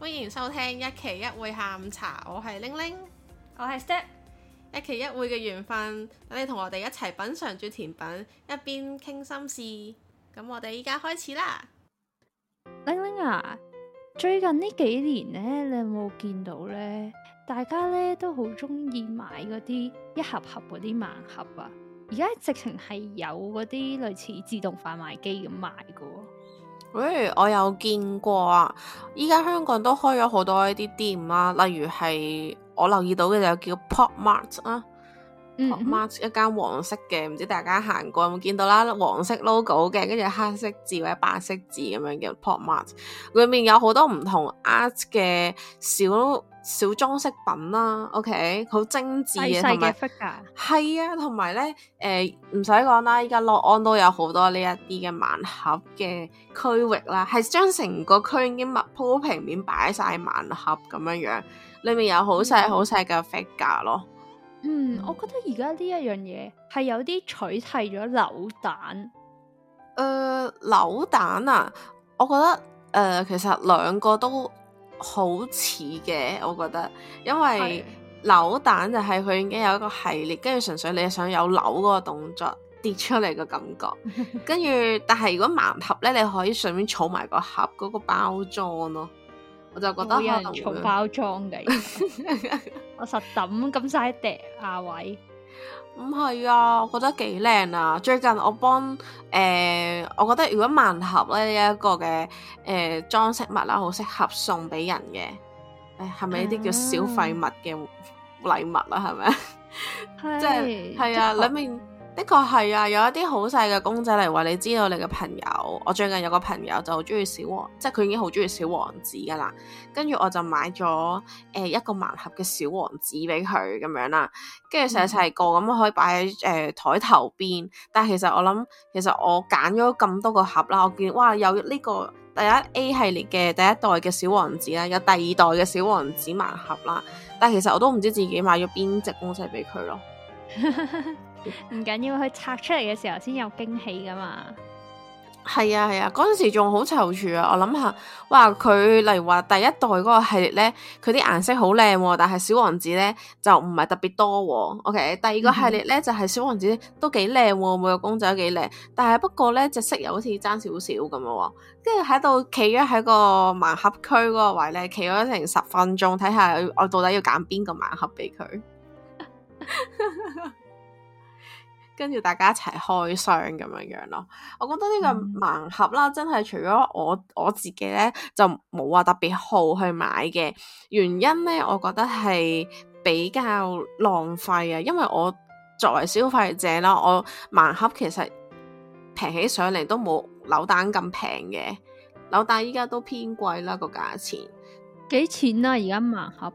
歡迎收聽一期一會下午茶，我係玲玲，我係 Step，一期一會嘅緣分，等你同我哋一齊品嘗住甜品，一邊傾心事。咁我哋依家開始啦，玲玲啊，最近呢幾年呢，你有冇見到呢？大家咧都好中意買嗰啲一盒盒嗰啲盲盒啊！而家直情係有嗰啲類似自動販賣機咁賣噶。喂、哎，我有見過啊！依家香港都開咗好多一啲店啊。例如係我留意到嘅就叫 Pop Mart 啊。Pop Mart 一間黃色嘅，唔知大家行過有冇見到啦？黃色 logo 嘅，跟住黑色字或者白色字咁樣叫 Pop Mart。裏面有好多唔同 art 嘅小小裝飾品啦。OK，好精緻嘅，細細嘅 figure。係啊，同埋咧，誒，唔使講啦，依家樂安都有好多呢一啲嘅盲盒嘅區域啦，係將成個區已經密鋪平面擺晒盲盒咁樣樣，裏面有好細好細嘅 figure 咯。嗯，我覺得而家呢一樣嘢係有啲取替咗扭蛋。誒、呃，扭蛋啊，我覺得誒、呃，其實兩個都好似嘅，我覺得，因為扭蛋就係佢已經有一個系列，跟住純粹你想有扭嗰個動作跌出嚟嘅感覺，跟住 但係如果盲盒咧，你可以順便儲埋個盒嗰個包裝咯，我就覺得儲包裝嘅，我實抌咁嘥一價位唔係、嗯、啊，我覺得幾靚啊！最近我幫誒、呃，我覺得如果盲盒咧呢一個嘅誒、呃、裝飾物啦，好適合送俾人嘅，誒係咪呢啲叫小廢物嘅禮物啊？係咪？ 是即係係啊，裏面是。你明的確係啊，有一啲好細嘅公仔嚟話，你知道你嘅朋友。我最近有個朋友就好中意小王，即係佢已經好中意小王子噶啦。跟住我就買咗誒、呃、一個盲盒嘅小王子俾佢咁樣啦。跟住細細個咁可以擺喺誒台頭邊。但係其實我諗，其實我揀咗咁多個盒啦，我見哇有呢個第一 A 系列嘅第一代嘅小王子啦，有第二代嘅小王子盲盒啦。但係其實我都唔知自己買咗邊隻公仔俾佢咯。 唔緊要，佢拆出嚟嘅時候先有驚喜噶嘛。係啊係啊，嗰陣、啊、時仲好躊躇啊！我諗下，哇，佢例如話第一代嗰個系列咧，佢啲顏色好靚，但係小王子咧就唔係特別多、哦。OK，第二個系列咧、嗯、哼就係小王子都幾靚，每個公仔都幾靚，但係不過咧隻色又好似爭少少咁咯。跟住喺度企咗喺個盲盒區嗰個位咧，企咗成十分鐘，睇下我到底要揀邊個盲盒俾佢。 跟住大家一齊開箱咁樣樣咯，我覺得呢個盲盒啦，真係除咗我我自己咧，就冇話特別好去買嘅原因咧，我覺得係比較浪費啊，因為我作為消費者啦，我盲盒其實平起上嚟都冇扭蛋咁平嘅，扭蛋依家都偏貴啦個價錢，幾錢啊？而家盲盒，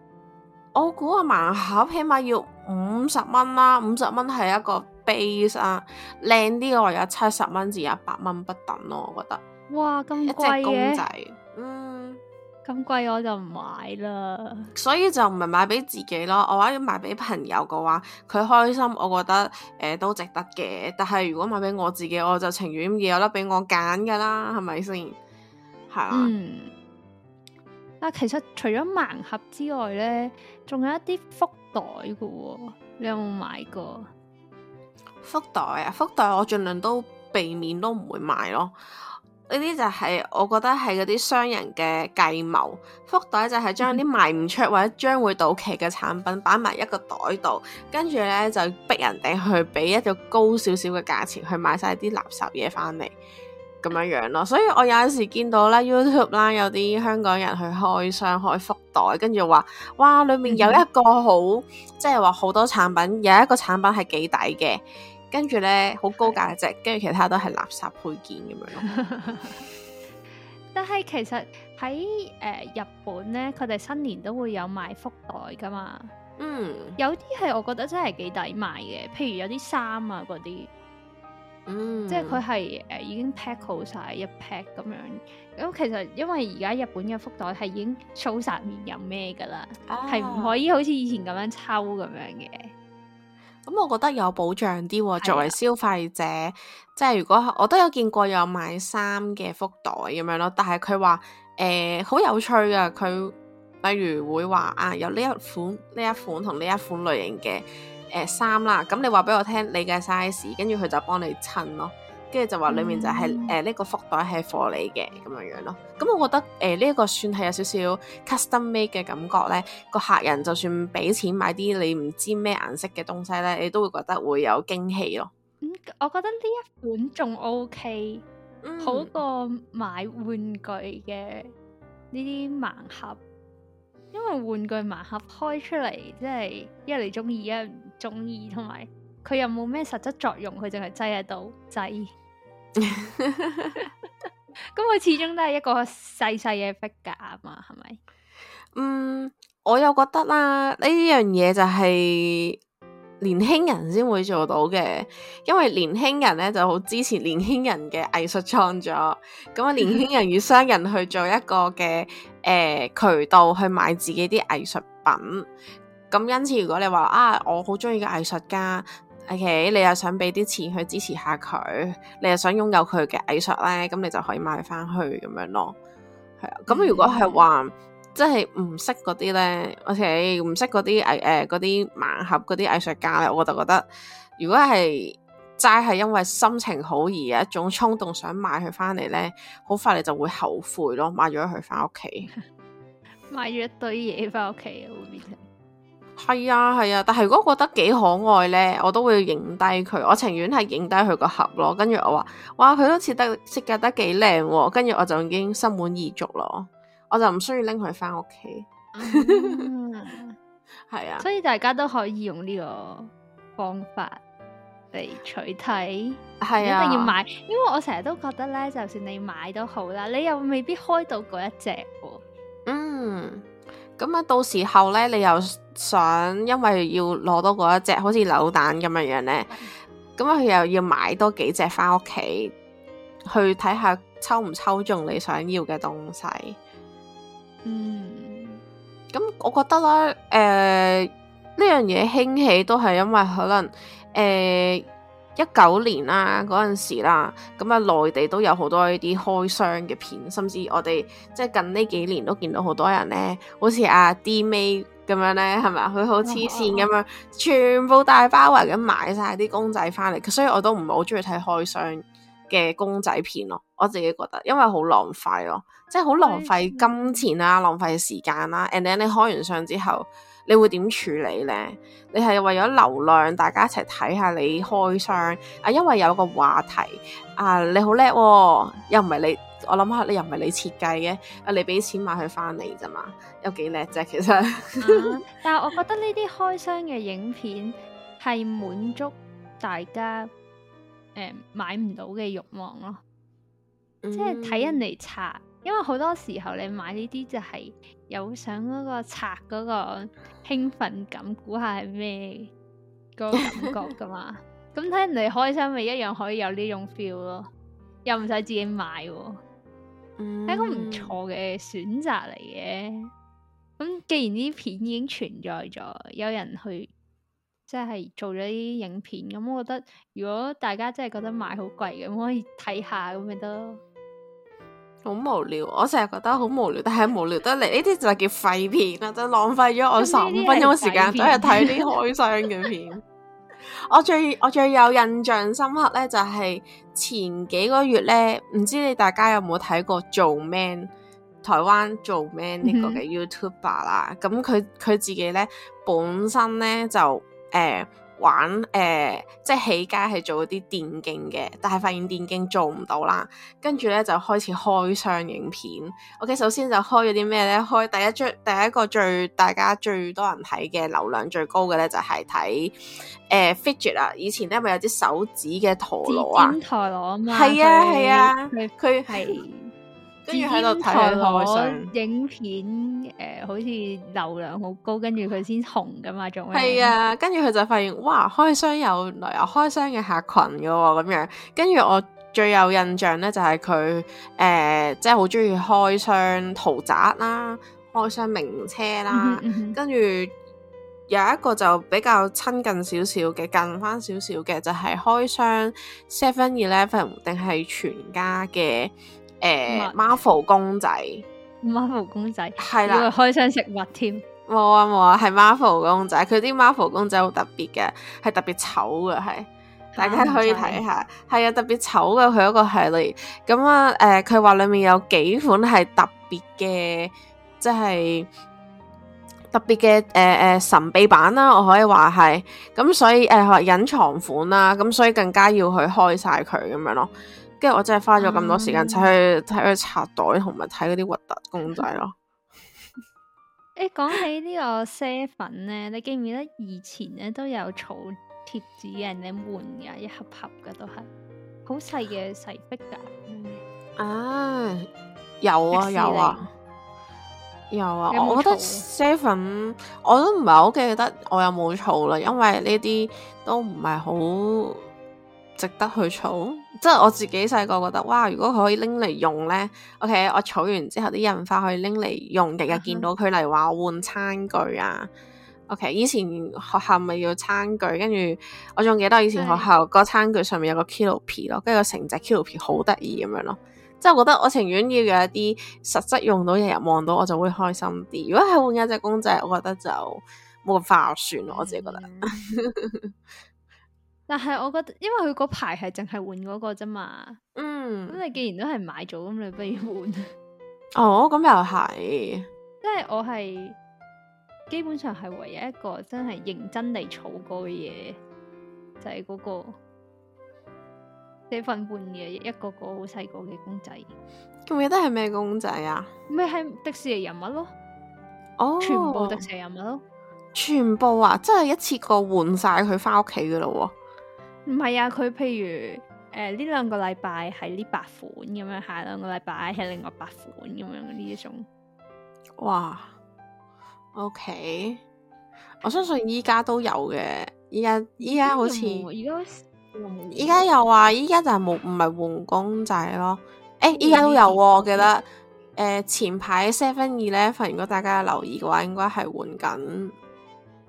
我估下盲盒起碼要五十蚊啦，五十蚊係一個。b 啊，靚啲嘅話有七十蚊至一百蚊不等咯，我覺得。哇，咁貴嘅。一隻公仔，嗯，咁貴我就唔買啦。所以就唔係買俾自己咯，我話要買俾朋友嘅話，佢開心，我覺得誒都值得嘅。但係如果買俾我自己，我就情願有得俾我揀噶啦，係咪先？係啦。嗯。嗱，其實除咗盲盒之外咧，仲有一啲福袋嘅、哦，你有冇買過？福袋啊，福袋我盡量都避免都唔會買咯。呢啲就係我覺得係嗰啲商人嘅計謀。福袋就係將啲賣唔出或者將會到期嘅產品擺埋一個袋度，跟住呢就逼人哋去俾一個高少少嘅價錢去買晒啲垃圾嘢翻嚟，咁樣樣咯。所以我有陣時見到咧 YouTube 啦，有啲香港人去開箱開福袋，跟住話，哇，裏面有一個好，即係話好多產品，有一個產品係幾抵嘅。跟住咧，好高價嘅啫，跟住其他都係垃圾配件咁樣咯。 但係其實喺誒、呃、日本咧，佢哋新年都會有賣福袋噶嘛。嗯，有啲係我覺得真係幾抵買嘅，譬如有啲衫啊嗰啲，嗯，即係佢係誒已經 pack 好晒，一 pack 咁樣。咁其實因為而家日本嘅福袋係已經抽實面有咩噶啦，係唔、啊、可以好似以前咁樣抽咁樣嘅。咁、嗯、我覺得有保障啲喎，作為消費者，的即係如果我都有見過有買衫嘅福袋咁樣咯，但係佢話誒好有趣噶，佢例如會話啊有呢一款呢一款同呢一款類型嘅誒衫啦，咁、呃、你話俾我聽你嘅 size，跟住佢就幫你襯咯。跟住就話裏面就係誒呢個福袋係貨你嘅咁樣樣咯，咁、嗯、我覺得誒呢一個算係有少少 custom made 嘅感覺咧。個客人就算俾錢買啲你唔知咩顏色嘅東西咧，你都會覺得會有驚喜咯。嗯，我覺得呢一款仲 OK，好過買玩具嘅呢啲盲盒，因為玩具盲盒開出嚟即係一嚟中意，一嚟唔中意，同埋佢又冇咩實質作用，佢淨係擠喺度擠。咁佢始終都係一個細細嘅 figure 啊嘛，係咪？嗯，我又覺得啦，呢樣嘢就係年輕人先會做到嘅，因為年輕人咧就好支持年輕人嘅藝術創作。咁啊，年輕人與商人去做一個嘅誒、 呃、渠道去買自己啲藝術品。咁因此，如果你話啊，我好中意嘅藝術家。O.K. 你又想俾啲錢去支持下佢，你又想擁有佢嘅藝術咧，咁你就可以買翻去咁樣咯。係啊、嗯，咁如果係話、嗯、即係唔識嗰啲咧，O.K. 唔識嗰啲藝誒啲盲盒嗰啲藝術家咧，我就覺得如果係齋係因為心情好而有一種衝動想買佢翻嚟咧，好快你就會後悔咯，買咗佢翻屋企， 買咗一堆嘢翻屋企會變係啊，係啊，但係如果覺得幾可愛咧，我都會影低佢。我情願係影低佢個盒咯。跟住我話，哇，佢都設得設計得幾靚，跟住我就已經心滿意足咯。我就唔需要拎佢翻屋企。係、嗯、 啊，所以大家都可以用呢個方法嚟取替，係啊一定要買，因為我成日都覺得咧，就算你買都好啦，你又未必開到嗰一隻、哦。嗯。咁啊，到時候咧，你又想，因為要攞多嗰一隻，好似扭蛋咁樣樣咧，咁啊、嗯，佢又要買多幾隻返屋企去睇下抽唔抽中你想要嘅東西。嗯，咁我覺得啦，誒、呃，呢樣嘢興起都係因為可能，誒、呃。一九年啦，嗰陣時啦，咁、嗯、啊內地都有好多呢啲開箱嘅片，甚至我哋即係近呢幾年都見到好多人咧，好似阿、啊、D 妹咁樣咧，係咪？佢好黐線咁樣，全部大包圍咁買晒啲公仔翻嚟。所以我都唔係好中意睇開箱嘅公仔片咯，我自己覺得，因為好浪費咯，即係好浪費金錢啦、啊，浪費時間啦、啊、的，and then 你開完箱之後。你會點處理咧？你係為咗流量，大家一齊睇下你開箱啊？因為有個話題啊，你好叻，又唔係你，我諗下你又唔係你設計嘅，啊，你俾、哦啊、錢買佢翻嚟咋嘛？有幾叻啫，其實。啊、 但係我覺得呢啲開箱嘅影片係滿足大家誒、呃、買唔到嘅欲望咯，嗯、即係睇人嚟拆。因為好多時候你買呢啲就係有想嗰個拆嗰個興奮感，估下係咩個感覺噶嘛？咁睇人哋開心咪一樣可以有呢種 feel 咯，又唔使自己買，係、嗯、一個唔錯嘅選擇嚟嘅。咁既然呢片已經存在咗，有人去即係做咗啲影片，咁我覺得如果大家真係覺得買好貴嘅，可以睇下咁咪得咯。好無聊，我成日覺得好無聊，但係無聊得嚟，呢啲就叫廢片啦，就浪費咗我十五分鐘時間，走去睇啲開箱嘅片。 我最我最有印象深刻咧，就係、是、前幾個月咧，唔知你大家有冇睇過 Joeman 嗯？台灣 Joeman 呢個嘅 YouTuber 啦？咁佢佢自己咧本身咧就誒。欸玩誒、呃、即係起家係做啲電競嘅，但係發現電競做唔到啦，跟住咧就開始開箱影片。OK，首先就開咗啲咩咧？開第一張，第一個最大家最多人睇嘅，流量最高嘅咧，就係、是、睇誒、呃、Fidget 啊！以前咧咪有啲手指嘅陀螺啊，陀螺啊嘛，係啊係啊，佢係。跟住喺度睇我影片，誒、呃、好似流量好高，跟住佢先紅噶嘛，仲係啊。跟住佢就發現，哇，開箱有有開箱嘅客群噶喎、哦，咁樣。跟住我最有印象咧，就係佢誒，即係好中意開箱豪宅啦，開箱名車啦。跟住 有一個就比較親近少少嘅，近翻少少嘅，就係、是、開箱 Seven Eleven 定係全家嘅。誒、欸、物，Marvel 公仔，Marvel 公仔，係啦，仲開箱食物添。冇啊冇啊，係 Marvel 公仔，佢啲 Marvel 公仔好特別嘅，係特別醜嘅，係大家可以睇下，係啊的特別醜嘅佢嗰個系列。咁啊誒，佢、呃、話裏面有幾款係特別嘅，即、就、係、是、特別嘅誒誒神秘版啦，我可以話係。咁所以誒、呃、隱藏款啦，咁所以更加要去開晒佢咁樣咯。跟住我真係花咗咁多時間睇去睇，啊、去，去，去拆袋，同埋睇嗰啲核突公仔咯。誒、哎，講起呢個 Seven 咧，你記唔記得以前咧都有儲貼紙嘅？換噶一盒盒嘅都係好細嘅細筆噶。啊，有啊有啊有啊！我覺得 Seven 我都唔係好記得，我又冇儲啦，因為呢啲都唔係好值得去儲。即係我自己細個覺得，哇！如果佢可以拎嚟用咧，OK，我儲完之後啲印花可以拎嚟用，日日見到佢嚟話我換餐具啊。OK，以前學校咪要餐具，跟住我仲記得以前學校個餐具上面有個 kilo 皮咯。對，跟住個成隻 kilo 皮好得意咁樣咯。即係我覺得我情願要有一啲實質用到，日日望到我就會開心啲。如果係換一隻公仔，我覺得就冇咁划算咯。我自己覺得。嗯 但係我覺得，因為佢嗰排係淨係換嗰個啫嘛。嗯。咁你既然都係買咗，咁你不如換。哦，咁又係。即係我係基本上係唯一一個真係認真嚟儲過嘅嘢，就係、是、嗰個四分半嘅一個個好細個嘅公仔。咁記得係咩公仔啊？咩係迪士尼人物咯？哦，全部迪士尼人物咯。全部啊，即係一次過換晒佢翻屋企嘅咯。唔係啊，佢譬如誒呢、呃、兩個禮拜係呢八款咁樣，下兩個禮拜係另外八款咁樣呢一種。哇！O、okay、K，我相信依家都有嘅，依家依家好似依家依家有話、啊，依家就係冇唔係換公仔咯。誒，依家都有、啊，我記得誒、呃、前排 Seven Eleven，如果大家留意嘅話，應該係換緊。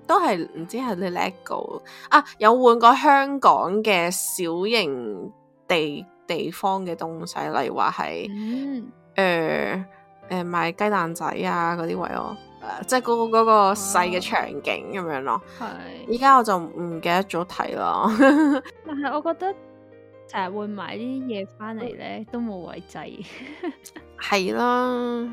都係唔知係 Lego 啊，有換過香港嘅小型地地方嘅東西，例如話係誒誒賣雞蛋仔啊嗰啲位咯、啊，即係嗰、嗰個嗰、嗰個細嘅場景咁、啊、樣咯。係是，依家我就唔記得咗睇啦。 但係我覺得成日換埋啲嘢翻嚟咧，呃呢啊、都冇位滯。係 啦。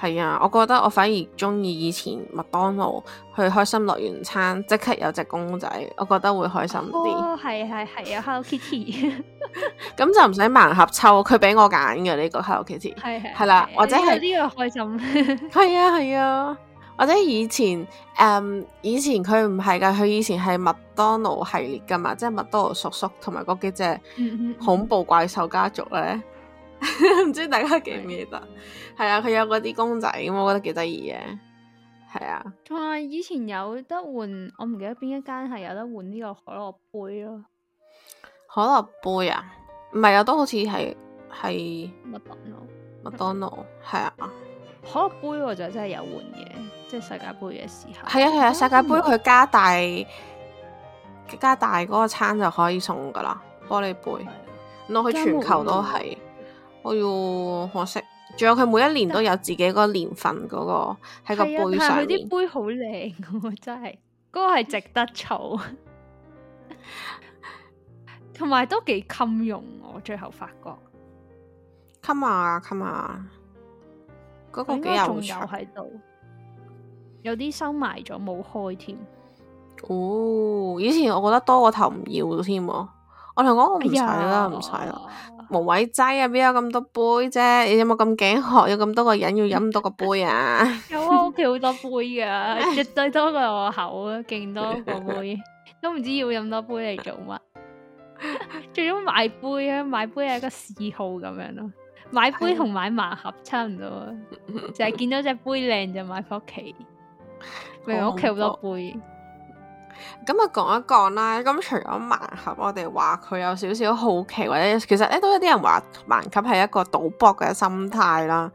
係啊，我覺得我反而中意以前麥當勞去開心樂園餐，即刻有隻公仔，我覺得會開心啲。哦，係係係啊，Hello Kitty。咁就唔使盲盒抽，佢俾我揀嘅呢個 Hello Kitty。係係。係啦，或者係呢、這個開、這個這個、心。係 啊係啊，或者以前誒、嗯，以前佢唔係噶，佢以前係麥當勞系列噶嘛，即係麥當勞叔叔同埋嗰幾隻恐怖怪獸家族咧。 唔 知大家記唔記得，係啊的，佢有嗰啲公仔咁，我覺得幾得意嘅，係啊。同埋以前有得換，我唔記得邊一間係有得換呢個可樂杯咯。可樂杯啊，唔係啊，都好似係係麥當勞。麥當勞係啊，可樂杯我就真係有換嘅，即係世界杯嘅時候。係啊係啊，世界杯佢加大加大嗰個餐就可以送噶啦玻璃杯，落去的全球都係。哎喲，可惜，仲有佢每一年都有自己嗰個年份嗰個喺個杯上。係啊，佢啲杯好靚，真係，嗰個係值得儲，同埋 都幾襟用。我最後發覺，come 啊，come 啊，嗰個應該仲有喺度，有啲收埋咗冇開添。哦，以前我覺得多過頭唔要添，我同佢講我唔使啦，唔使啦。無位擠啊！邊有咁多杯啫？你有冇咁頸渴？有咁多個人要飲咁多個杯啊？有啊，屋企好多杯噶，絕對多過我口啊，勁多個杯，都唔知要飲多杯嚟做乜？最終買杯啊，買杯係一個嗜好咁樣咯。買杯同買盲盒差唔多，就係見到隻杯靚就買返屋企，明明屋企好多杯。咁啊，講一講啦。咁除咗盲盒，我哋話佢有少少好奇，或者其實咧都有啲人話盲盒係一個賭博嘅心態啦，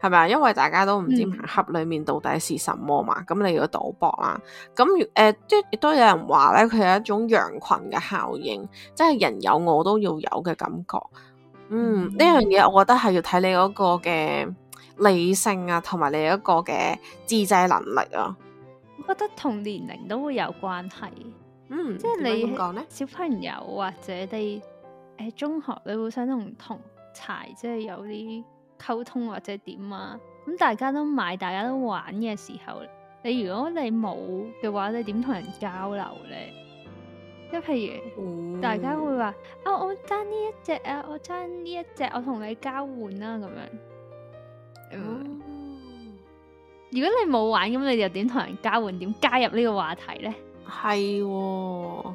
係咪啊？因為大家都唔知盲盒裏面到底是什麼嘛。咁、嗯、你要賭博啦。咁誒，即係亦都有人話咧，佢係一種羊群嘅效應，即係人有我都要有嘅感覺。嗯，呢、嗯、樣嘢我覺得係要睇你嗰個嘅理性啊，同埋你一個嘅自制能力啊。覺得同年齡都會有關係，嗯，即係你點講咧？小朋友或者你喺中學，你會想同同儕，即係有啲溝通或者點啊？咁、嗯、大家都買，大家都玩嘅時候，你如果你冇嘅話，你點同人交流呢？即係譬如，大家會話、哦哦、啊，我爭呢一隻啊，我爭呢一隻，我同你交換啊，咁樣。嗯如果你冇玩，咁你又點同人交換？點加入呢個話題呢？係、哦，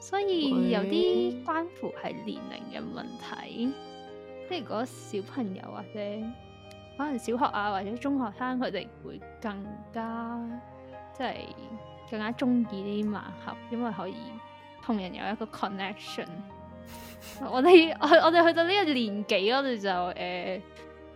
所以會有啲關乎係年齡嘅問題。即係如果小朋友或者可能小學啊，或者中學生，佢哋會更加即係、就是、更加中意呢啲盲盒，因為可以同人有一個 connection。 我哋我我哋去到呢個年紀咯，我哋就誒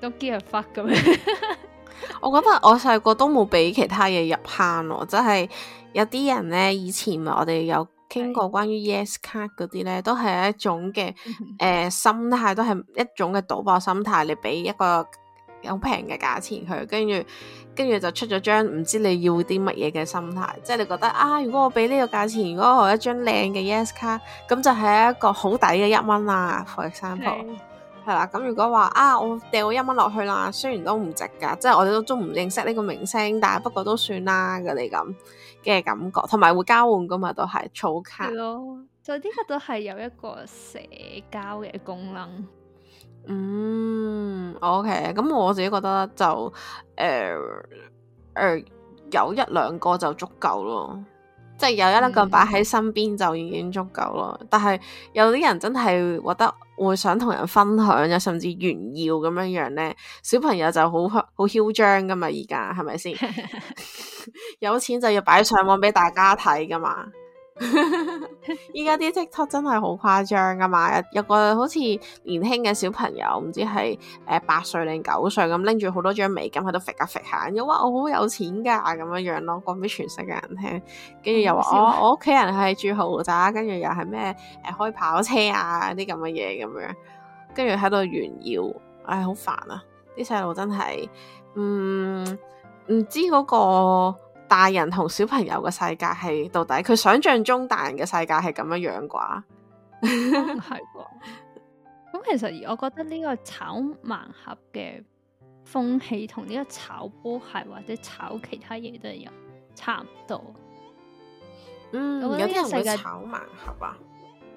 ，don't give a fuck 咁樣。Uh, 我覺得我細個都冇俾其他嘢入坑咯，即係有啲人咧，以前我哋有傾過關於 yes 卡嗰啲咧，都係一種嘅誒、呃、心態，都係一種嘅賭博心態。你俾一個有平嘅價錢佢，跟住跟住就出咗張唔知你要啲乜嘢嘅心態，即係你覺得啊，如果我俾呢個價錢，如果我一張靚嘅 yes 卡，咁就係一個好抵嘅一蚊啦。For example。 係啦，咁如果話啊，我掉一蚊落去啦，雖然都唔值，噶，即係我哋都仲唔認識呢個明星，但係不過都算啦，佢哋咁嘅感覺，同埋會交換噶嘛，都係儲卡咯。就呢個都係有一個社交嘅功能。嗯，OK，咁我自己覺得就誒誒、呃呃、有一兩個就足夠咯。即係有一粒咁擺喺身邊就已經足夠咯，嗯、哼但係有啲人真係覺得會想同人分享，又甚至炫耀咁樣樣咧，小朋友就好好囂張噶嘛，而家係咪先？ 有錢就要擺上網俾大家睇噶嘛。依家啲 TikTok 真係好誇張噶嘛，有個好似年輕嘅小朋友，唔知係誒八歲定九歲咁拎住好多張美金喺度揈呀揈呀，又話我好有錢噶咁樣樣咯，講俾全世界人聽，跟住又、嗯 oh, 話我屋企人係住豪宅，跟住又係咩誒開跑車啊啲咁嘅嘢咁樣，跟住喺度炫耀，唉好煩啊！啲細路真係，嗯唔知嗰、那個。大人同小朋友嘅世界係到底佢想象中大人嘅世界係咁樣樣啩？係啩？咁 其實我覺得呢個炒盲盒嘅風氣同呢個炒波鞋或者炒其他嘢都係差唔多。嗯，有啲人會炒盲盒啊？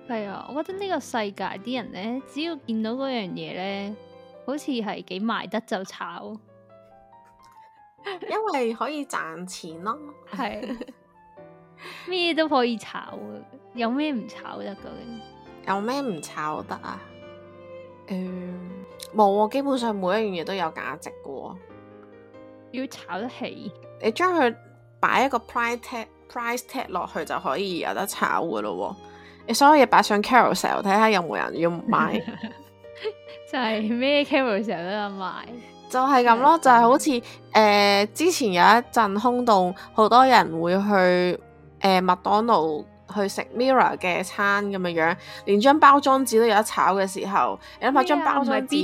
係啊，我覺得呢個世界啲人咧，只要見到嗰樣嘢咧，好似係幾賣得就炒。 因為可以賺錢咯，係咩都可以炒嘅，有咩唔炒得？究竟有咩唔炒得啊？誒、嗯，冇、哦，基本上每一樣嘢都有價值嘅、哦。要炒得起，你將佢擺一個 price tag, price tag，price tag 落去就可以有得炒嘅咯、哦。你所有嘢擺上 carousel，睇下有冇人要買， 就係咩 carousel 都有買。就係咁咯，yeah, 就係好似誒 yeah.、呃，之前有一陣空洞，好多人會去誒麥、呃、當勞去食 m i r r o r 嘅餐咁樣樣，連張包裝紙都有得炒嘅時候，你諗下張包裝 s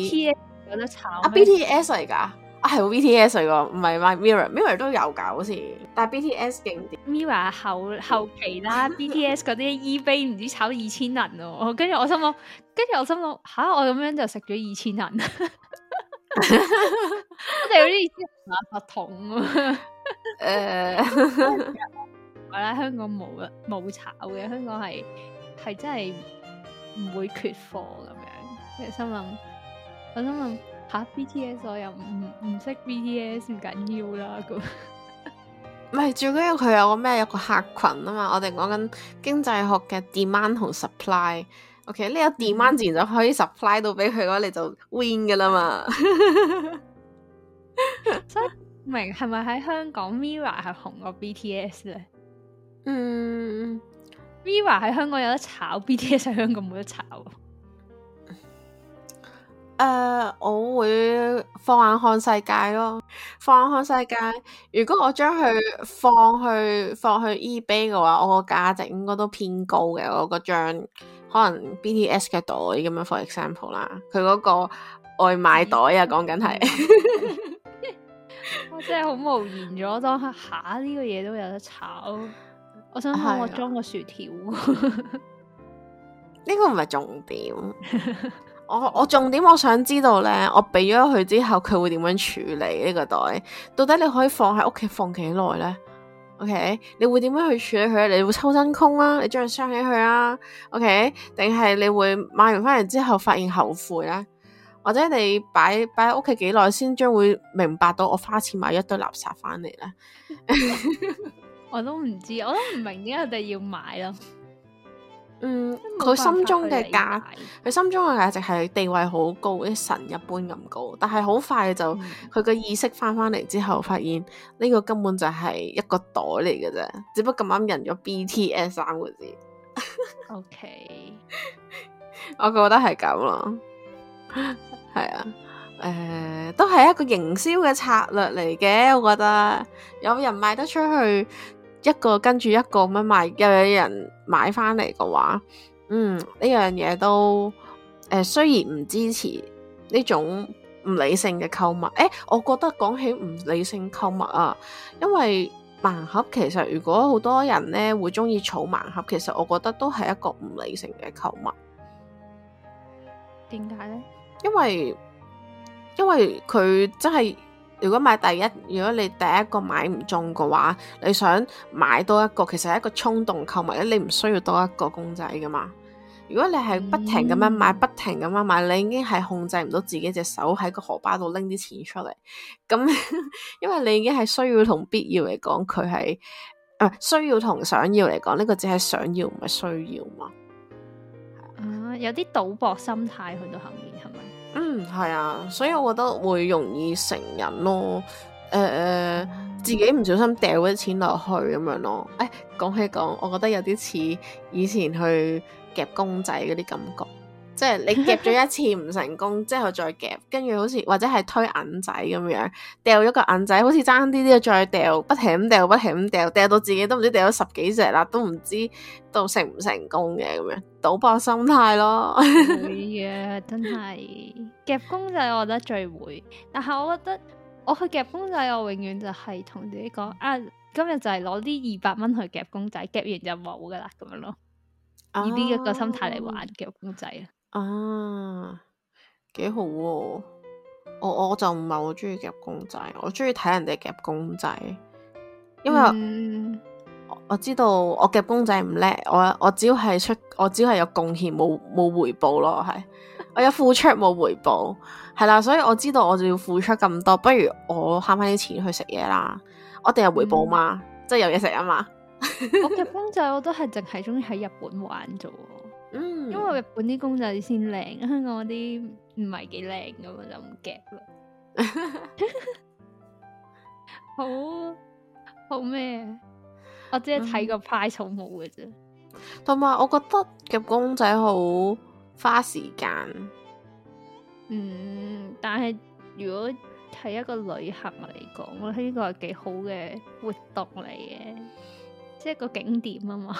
有得炒啊？BTS 嚟噶，啊係 BTS 嚟個，唔係 My m i r r o r m i r r o r 都有好似，但係 BTS 勁啲。Mira r 後後期啦 ，BTS 嗰啲 e 杯唔知炒二千人哦，跟住我心諗，跟住我心諗吓、啊，我咁樣就食咗二千人。 我哋有啲意思，眼法痛啊！誒，我咧香港冇嘅冇炒嘅，香港係係真係唔會缺貨咁樣。即係我心諗，我、啊、心諗吓，B T S 我又唔唔識 B T S，唔緊要啦。咁、那個 唔係最緊要佢有個咩？有個客群啊嘛。我哋講緊經濟學嘅 demand 同 supply。O.K. 呢一 demand 自然就可以 supply 到俾佢嘅，你就 win 噶啦嘛。真 明係咪喺香港 MIRROR 係紅過 B.T.S 咧？嗯，MIRROR 喺香港有得炒 B.T.S，在香港冇得炒。誒，uh, 我會放眼看世界咯。放眼看世界。如果我將佢放去放去 eBay 嘅話，我個價值應該都偏高嘅。我嗰張。可能 BTS 嘅袋咁樣，for example 啦，佢嗰個外賣袋啊，講緊係，我真係好無言咗，當下呢個嘢都有得炒，我想睇我裝個薯條，呢 個唔係重點，我我重點我想知道咧，我俾咗佢之後，佢會點樣處理呢個袋？到底你可以放喺屋企放幾耐咧？OK，你會點樣去處理佢？你會抽真空啊，你將佢箱起佢啊，OK，定係你會買完翻嚟之後發現後悔咧？或者你擺擺喺屋企幾耐先將會明白到我花錢買一堆垃圾翻嚟咧？我都唔知，我都唔明點解佢哋要買咯。 嗯，佢心中嘅價，佢心中嘅價值係地位好高，啲神一般咁高。但係好快就佢嘅意識翻翻嚟之後，發現呢個根本就係一個袋嚟嘅啫，只不過咁啱人咗 BTS 三個字。 OK，我覺得係咁咯，係 啊，誒、呃，都係一個營銷嘅策略嚟嘅，我覺得有人賣得出去。一個跟住一個咁樣買，又有人買翻嚟嘅話，嗯，呢樣嘢都誒，雖然唔支持呢種唔理性嘅購物。誒，我覺得講起唔理性購物啊，因為盲盒其實如果好多人咧會中意儲盲盒，其實我覺得都係一個唔理性嘅購物。點解咧？因為因為佢真係。如果買第一，如果你第一個買唔中嘅話，你想買多一個，其實係一個衝動購物。你唔需要多一個公仔噶嘛。如果你係不停咁樣買，嗯、買不停咁樣買，你已經係控制唔到自己隻手喺個荷包度拎啲錢出嚟。咁因為你已經係需要同必要嚟講，佢係誒需要同想要嚟講，呢、這個只係想要唔係需要嘛？啊，有啲賭博心態去到後面係咪？嗯，係啊，所以我覺得會容易成癮咯，誒、呃、誒，自己唔小心掉啲錢落去咁樣咯。誒、哎，講起講，我覺得有啲似以前去夾公仔嗰啲感覺。即係你夾咗一次唔成功，之後再夾，跟住好似或者係推銀仔咁樣，掉咗個銀仔，好似爭啲啲再掉，不停咁掉，不停咁掉，掉到自己都唔知掉咗十幾隻啦，都唔知到成唔成功嘅咁樣，賭博心態咯。係啊，真係夾公仔，我覺得最會。但係我覺得我去夾公仔，我永遠就係同自己講啊，今日就係攞啲二百蚊去夾公仔，夾完就冇㗎啦，咁樣咯。以呢一個心態嚟玩夾、oh. 公仔啊！啊，幾好喎、啊！我我就唔係好中意夾公仔，我中意睇人哋夾公仔，因為我、嗯、我，我知道我夾公仔唔叻，我我只要係出，我只要係有貢獻，冇冇回報咯，係我有付出冇回報，係啦，所以我知道我就要付出咁多，不如我慳翻啲錢去食嘢啦，我一定有回報嘛？嗯、即係有嘢食啊嘛？ 我夾公仔我都係淨係中意喺日本玩啫。因為日本啲公仔先靚，香港啲唔係幾靚咁，就唔夾啦。好好咩？嗯、我只係睇個派草帽嘅啫。同埋，我覺得夾公仔好花時間。嗯，但係如果係一個旅行嚟講，我覺得呢個係幾好嘅活動嚟嘅，即係個景點啊嘛。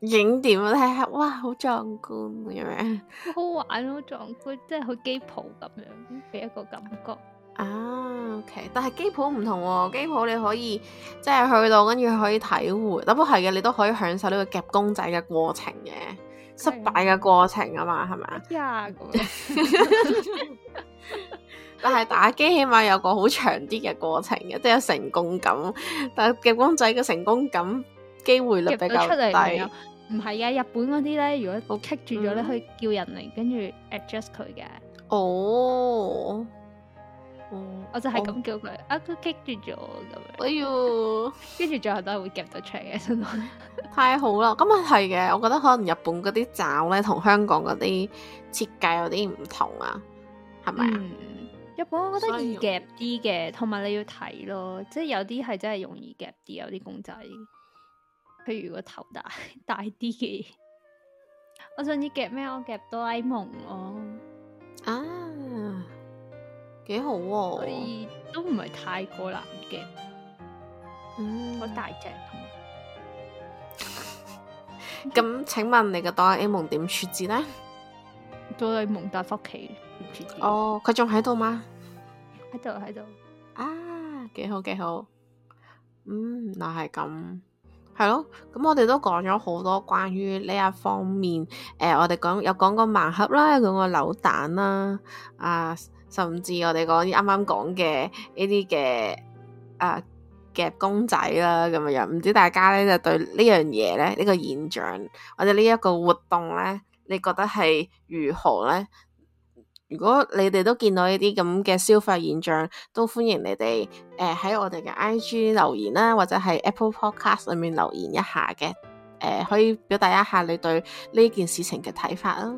影點啊！睇下，哇，好壯觀咁樣， 好玩好壯觀，即係好機舖咁樣俾一個感覺。啊，OK，但係機舖唔同喎、哦，機舖你可以即係去到，跟住，可以體會，不過係嘅，你都可以享受呢個夾公仔嘅過程嘅，失敗嘅過程啊嘛，係咪啊？係啊，咁。但係打機起碼有個好長啲嘅過程嘅，即係有成功感。但係夾公仔嘅成功感。機會率比較低，夾得出嚟，唔係啊。日本嗰啲咧，如果我棘住咗咧，嗯、可以叫人嚟跟住 adjust 佢嘅。哦，嗯、哦，我就係咁叫佢啊，佢棘住咗咁樣。哎呦，跟住最後都係會夾到出嚟嘅，真係太好啦。咁啊係嘅，我覺得可能日本嗰啲爪咧，同香港嗰啲設計有啲唔同啊，係咪啊？日本我覺得易夾啲嘅，同埋你要睇咯，即係有啲係真係容易夾啲，有啲公仔。譬如個頭大大啲嘅，我想知夾咩？我夾哆啦 A 夢咯，哦、啊，幾好哦、啊！都唔係太過難嘅，嗯，好大隻。咁、 嗯、 請問你個哆啦 A 夢點設置呢？哆啦 A 夢大福奇，唔設置，哦，佢仲喺度嗎？喺度喺度，啊，幾好幾好，嗯，那係咁。係咯，咁我哋都講咗好多關於呢一方面，誒、呃，我哋講有講過盲盒啦，講過扭蛋啦，啊，甚至我哋講啱啱講嘅呢啲嘅誒夾公仔啦，咁、嗯、樣，唔知大家咧就對呢樣嘢咧，呢、這個現象或者呢一個活動咧，你覺得係如何咧？如果你哋都見到呢啲咁嘅消費現象，都歡迎你哋誒喺我哋嘅 I G 留言啦，或者係 Apple Podcast 裏面留言一下嘅，誒、呃、可以表達一下你對呢件事情嘅睇法啦。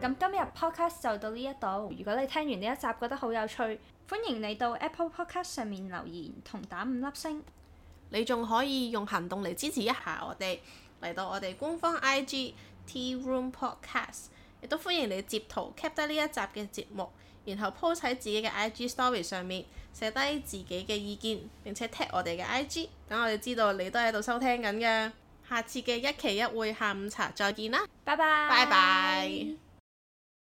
咁今日 Podcast 就到呢一度，如果你聽完呢一集覺得好有趣，歡迎你到 Apple Podcast 上面留言同打五粒星，你仲可以用行動嚟支持一下我哋，嚟到我哋官方 I G Tea Room Podcast。亦都歡迎你截圖 keep 得呢一集嘅節目，然後 po 喺自己嘅 IG story 上面，寫低自己嘅意見，並且 tag 我哋嘅 IG，等我哋知道你都喺度收聽緊嘅。下次嘅一期一會下午茶，再見啦，拜拜，拜拜。